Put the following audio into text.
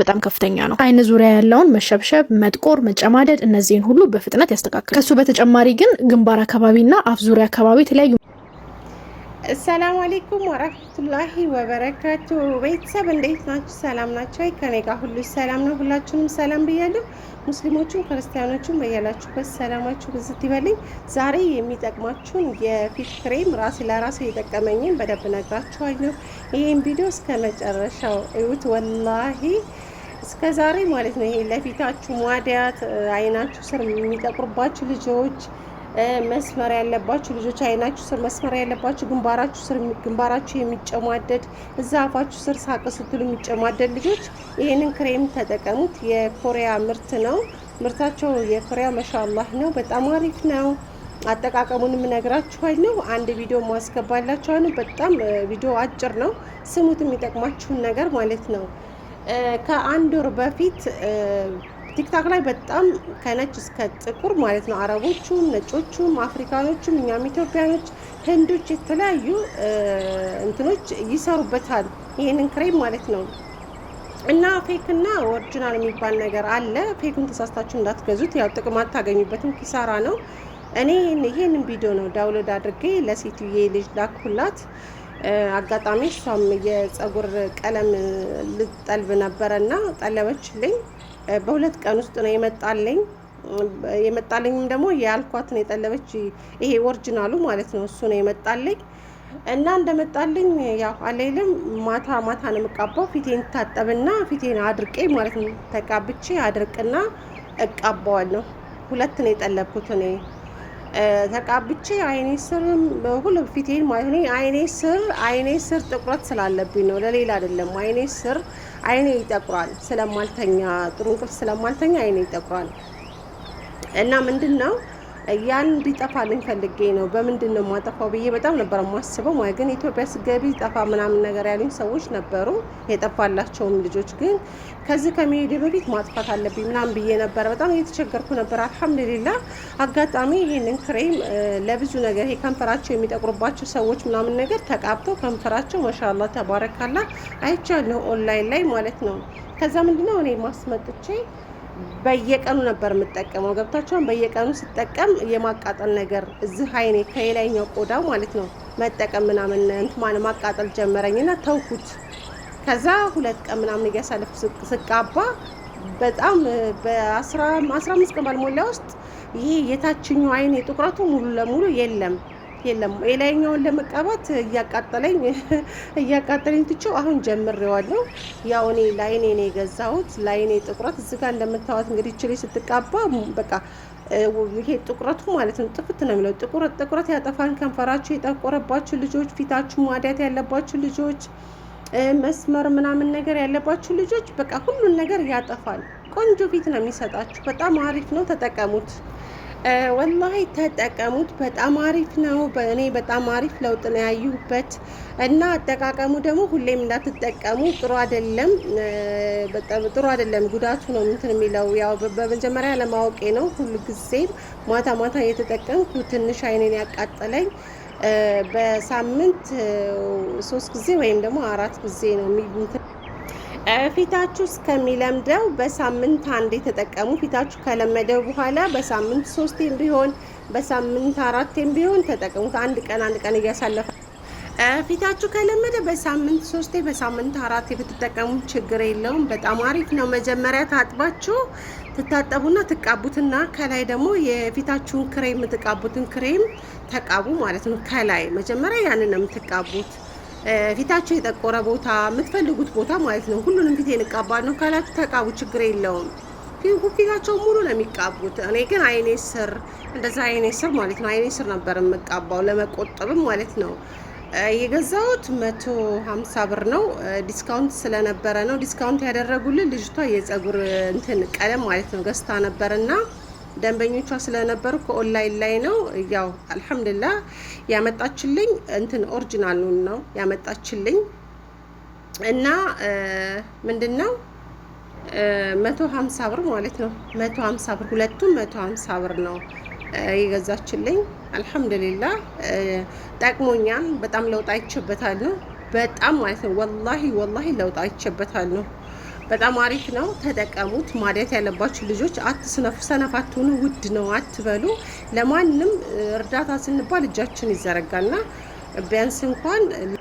በጣም ከፍተኛ ነው። አይን ዙሪያ ያለውን መሸብሸብ፣ መጥቆር፣ መጨማደድ እነዚህን ሁሉ በፍጥነት ያስተካክላል። ከሱ በተጨማሪ ግን ግንባር አካባቢና አፍ ዙሪያ አካባቢ የተለያዩ አሰላሙ አሌይኩም ወረህመቱላሂ ወበረካቱ። ቤተሰብ እንዴት ናችሁ? ሰላም ናቸው? ከኔ ጋር ሁሉ ሰላም ነው። ሁላችሁንም ሰላም ብያለሁ። ሙስሊሞቹም ክርስቲያኖቹም በያላችሁበት ሰላማችሁ ብዝት ይበልኝ። ዛሬ የሚጠቅማችሁን የፊት ክሬም ራሴ ለራሴ የጠቀመኝን በደንብ ነግራችኋለሁ። ይህን ቪዲዮ እስከ መጨረሻው እዩት። ወላሂ እስከ ዛሬ ማለት ነው ይሄ ለፊታችሁ ማድያት፣ አይናችሁ ስር የሚጠቁርባችሁ ልጆች መስመር ያለባችሁ ልጆች አይናችሁ ስር መስመር ያለባችሁ ግንባራችሁ ስር ግንባራችሁ የሚጨማደድ እዛ አፋችሁ ስር ሳቅ ስትሉ የሚጨማደድ ልጆች ይህንን ክሬም ተጠቀሙት። የኮሪያ ምርት ነው። ምርታቸው የኮሪያ መሻላህ ነው። በጣም አሪፍ ነው። አጠቃቀሙንም እነግራችኋለሁ። አንድ ቪዲዮ ማስገባላችኋለሁ። በጣም ቪዲዮ አጭር ነው። ስሙት የሚጠቅማችሁን ነገር ማለት ነው። ከአንድ ወር በፊት ቲክታክ ላይ በጣም ከነጭ እስከ ጥቁር ማለት ነው። አረቦቹም፣ ነጮቹም፣ አፍሪካኖቹም እኛም ኢትዮጵያኖች፣ ህንዶች የተለያዩ እንትኖች ይሰሩበታል ይህንን ክሬም ማለት ነው። እና ፌክ እና ኦሪጂናል የሚባል ነገር አለ። ፌኩን ተሳስታችሁ እንዳትገዙት፣ ያው ጥቅም አታገኙበትም፣ ኪሳራ ነው። እኔ ይህንን ቪዲዮ ነው ዳውንሎድ አድርጌ ለሴትዬ ልጅ ላኩላት። አጋጣሚ እሷም የጸጉር ቀለም ልጠልብ ነበረ እና ጠለበችልኝ። በሁለት ቀን ውስጥ ነው የመጣልኝ። የመጣልኝም ደግሞ ያልኳትን የጠለበች ይሄ ኦርጅናሉ ማለት ነው እሱ ነው የመጣለኝ። እና እንደመጣልኝ ያው አለይልም ማታ ማታ ነው የምቃባው። ፊቴን ታጠብና ፊቴን አድርቄ ማለት ነው ተቃብቼ አድርቅና እቃባዋለሁ። ሁለት ነው የጠለብኩት እኔ ተቃብቼ አይኔ ስር ሁሉ ፊቴን ማለት ነው። አይኔ ስር አይኔ ስር ጥቁረት ስላለብኝ ነው፣ ለሌላ አይደለም። አይኔ ስር አይኔ ይጠቁራል ስለማልተኛ፣ ጥሩ እንቅልፍ ስለማልተኛ አይኔ ይጠቁራል እና ምንድን ነው ያን ሊጠፋልኝ ልንፈልጌ ነው በምንድን ነው ማጠፋው ብዬ በጣም ነበር ማስበው። ማለት ግን ኢትዮጵያ ስገቢ ጠፋ ምናምን ነገር ያሉኝ ሰዎች ነበሩ፣ የጠፋላቸውም ልጆች ግን ከዚህ ከሚሄድ በፊት ማጥፋት አለብኝ ምናምን ብዬ ነበረ። በጣም እየተቸገርኩ ነበር። አልሐምዱሊላ አጋጣሚ ይህንን ክሬም ለብዙ ነገር ይሄ ከንፈራቸው የሚጠቁርባቸው ሰዎች ምናምን ነገር ተቃብተው ከንፈራቸው ማሻላ ተባረካላ አይቻለሁ ኦንላይን ላይ ማለት ነው። ከዛ ምንድነው እኔ ማስመጥቼ በየቀኑ ነበር የምጠቀመው። ገብታችኋል? በየቀኑ ስጠቀም የማቃጠል ነገር እዚህ አይኔ ከሌላኛው ቆዳው ማለት ነው መጠቀም ምናምን እንትማን ማቃጠል ጀመረኝና ተውኩት። ከዛ ሁለት ቀን ምናምን እያሳለፍ ስቃባ በጣም በአስራ አምስት ቀን ባልሞላ ውስጥ ይሄ የታችኛው አይኔ ጥቁረቱ ሙሉ ለሙሉ የለም። የለም የላይኛውን ለመቀባት እያቃጠለኝ እያቃጠለኝ ትቼው አሁን ጀምሬዋለሁ። ያው እኔ ላይኔ ነው የገዛሁት። ላይኔ ጥቁረት እዚህ ጋር እንደምታዩት እንግዲህ ችሪ ስትቃባ በቃ ይሄ ጥቁረቱ ማለት ነው ጥፍት ነው የሚለው ጥቁረት ጥቁረት ያጠፋን። ከንፈራችሁ የጠቆረባችሁ ልጆች፣ ፊታችሁ ማዲያት ያለባችሁ ልጆች፣ መስመር ምናምን ነገር ያለባችሁ ልጆች በቃ ሁሉን ነገር ያጠፋል። ቆንጆ ፊት ነው የሚሰጣችሁ። በጣም አሪፍ ነው፣ ተጠቀሙት። ወላሂ ተጠቀሙት። በጣም አሪፍ ነው። እኔ በጣም አሪፍ ለውጥ ነው ያየሁበት እና አጠቃቀሙ ደግሞ ሁሌም እንዳትጠቀሙ ጥሩ አይደለም። በጣም ጥሩ አይደለም። ጉዳቱ ነው እንትን የሚለው ያው በመጀመሪያ ለማወቄ ነው። ሁሉ ጊዜ ማታ ማታ እየተጠቀምኩ ትንሽ አይኔን ያቃጠለኝ በሳምንት ሶስት ጊዜ ወይም ደግሞ አራት ጊዜ ነው። ፊታችሁ እስከሚለምደው በሳምንት አንዴ ተጠቀሙ። ፊታችሁ ከለመደው በኋላ በሳምንት ሶስቴም ቢሆን በሳምንት አራቴም ቢሆን ተጠቀሙት። አንድ ቀን አንድ ቀን እያሳለፈ ፊታችሁ ከለመደ በሳምንት ሶስቴ በሳምንት አራቴ ብትጠቀሙ ችግር የለውም። በጣም አሪፍ ነው። መጀመሪያ ታጥባችሁ ትታጠቡና ትቃቡትና ከላይ ደግሞ የፊታችሁን ክሬም የምትቃቡትን ክሬም ተቃቡ ማለት ነው። ከላይ መጀመሪያ ያንን ነው የምትቃቡት። ፊታቸው የጠቆረ ቦታ የምትፈልጉት ቦታ ማለት ነው። ሁሉንም ፊት ንቃባ ነው ካላችሁ ተቃቡ፣ ችግር የለውም። ፊታቸው ሙሉ ነው የሚቃቡት። እኔ ግን አይኔ ስር እንደዛ አይኔ ስር ማለት ነው አይኔ ስር ነበር የምቃባው ለመቆጠብም ማለት ነው። የገዛሁት መቶ ሀምሳ ብር ነው። ዲስካውንት ስለነበረ ነው ዲስካውንት ያደረጉልን። ልጅቷ የጸጉር እንትን ቀለም ማለት ነው ገዝታ ነበርና ደንበኞቿ ስለነበሩ ከኦንላይን ላይ ነው። ያው አልሐምዱላ ያመጣችልኝ እንትን ኦሪጂናሉን ነው ያመጣችልኝ እና ምንድን ነው መቶ ሀምሳ ብር ማለት ነው። መቶ ሀምሳ ብር ሁለቱም መቶ ሀምሳ ብር ነው የገዛችልኝ። አልሐምዱሊላ ጠቅሞኛል። በጣም ለውጥ አይቼበታለሁ። በጣም ማለት ነው ወላሂ ወላሂ ለውጥ አይቼበታለሁ። በጣም አሪፍ ነው፣ ተጠቀሙት። ማዲያት ያለባችሁ ልጆች አትስነፉ፣ ሰነፍ አትሆኑ፣ ውድ ነው አትበሉ። ለማንም እርዳታ ስንባል እጃችን ይዘረጋና ቢያንስ እንኳን